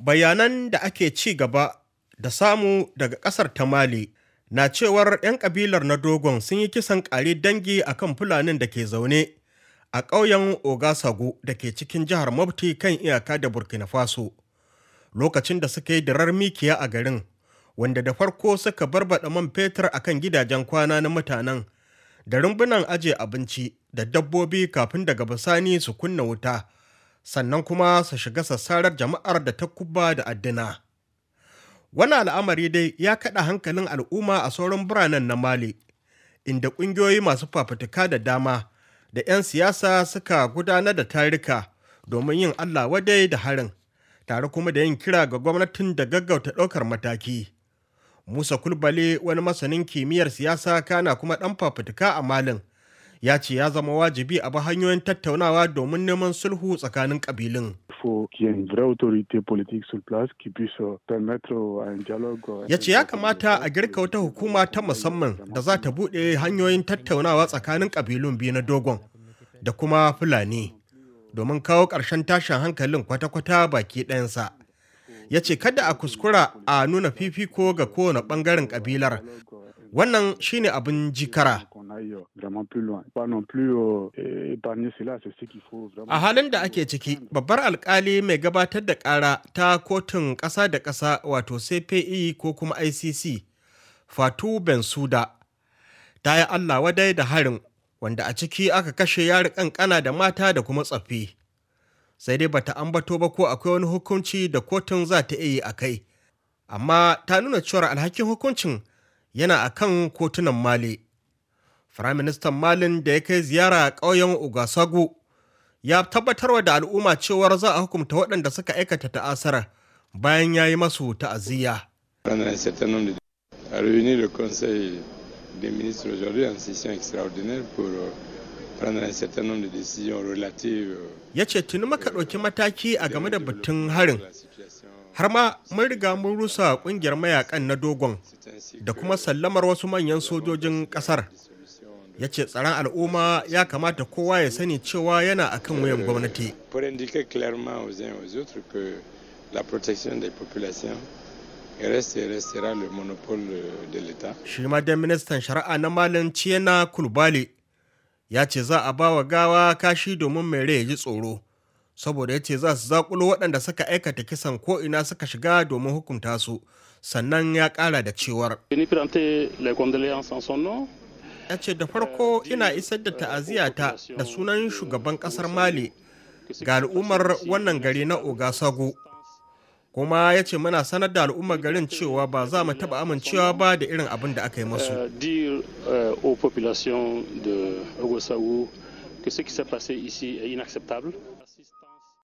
Bayanan da ake ci gaba da samu daga ƙasar ta Mali na cewar 'yan ƙabilar na Dogon sun yi kisan ƙari dangi a kan Fulanin da ke zaune a ƙauyen Ogasago da ke cikin jihar mabti kan iyaka da Burkina Faso. Lokacin da suka yi dirar mikiya a garin, wanda da farko suka barbaɗa man fetur a kan gidajen kwana na mutanen, da rumbunan ajiye abinci da dabbobi kafin daga bisani su kunna wuta sannan kuma su shiga sassarar jama'ar da ta kubba da addina. Wani al'amari dai ya kaɗa hankalin al'umma a sauran biranen na Mali, inda ƙungiyoyi masu fafutuka da dama da 'yan siyasa suka gudanar da tarika domin yin Allah wadai da harin, tare kuma da yin kira ga gwamnatin da gaggauta ɗaukar mataki. Musa Kulbale wani masanin kimiyyar siyasa kana kuma ɗan fafutuka a Malin ya ce ya zama wajibi a bi hanyoyin tattaunawa domin neman sulhu tsakanin kabilun. Euh, euh, euh, ya ce ya kamata a girka wata hukuma ta musamman da za ta buɗe hanyoyin tattaunawa tsakanin kabilun biyu na dogon da kuma Fulani domin kawo ƙarshen tashin hankalin kwata-kwata baki ɗayansa. Ya ce kada a kuskura a nuna fifiko ga kowane ɓangaren ƙabilar. Wannan shine abin jikara. aille vraiment plus loin. Pas non plus euh, épargner cela, c'est ce qu'il faut vraiment. A halin da ake ciki, babbar alkali mai gabatar da ƙara ta kotun ƙasa da ƙasa wato CPE ko kuma ICC, Fatu Suda, ta yi Allah wadai da harin wanda a ciki aka kashe yari kankana da mata da kuma tsaffi. Sai dai bata ambato ba ko akwai wani hukunci da kotun za ta iya a kai, amma ta nuna cewar alhakin hukuncin yana a kan kotunan Mali. Firaministan Malin da ya kai ziyara a ƙauyen Ugasagu ya tabbatarwa da al'umma cewar za a hukumta waɗanda suka aikata ta'asarar bayan ya yi masu ta'aziyya. Euh, euh, ya ce tuni maka ɗauki mataki a game da batun harin har ma mun riga mun rusa ƙungiyar mayakan na dogon da kuma sallamar wasu manyan sojojin ƙasar. ya ce tsaron al'umma ya kamata kowa ya sani cewa yana a kan wuyan gwamnati shi ma dan ministan shari'a na malin ciyena kulbali ya ce za a bawa gawa kashi domin mai rai ji tsoro saboda ya ce za su zakulo waɗanda suka aikata kisan ko'ina suka shiga domin hukunta su sannan ya ƙara da cewar ya ce da farko ina isar da ta'aziyata da sunan shugaban kasar mali ga al'ummar wannan gari na ogasago kuma ya ce muna sanar da al'ummar garin cewa ba za mu taɓa amincewa ba da irin abin da aka yi masu eh, eh, que ce qui inacceptable.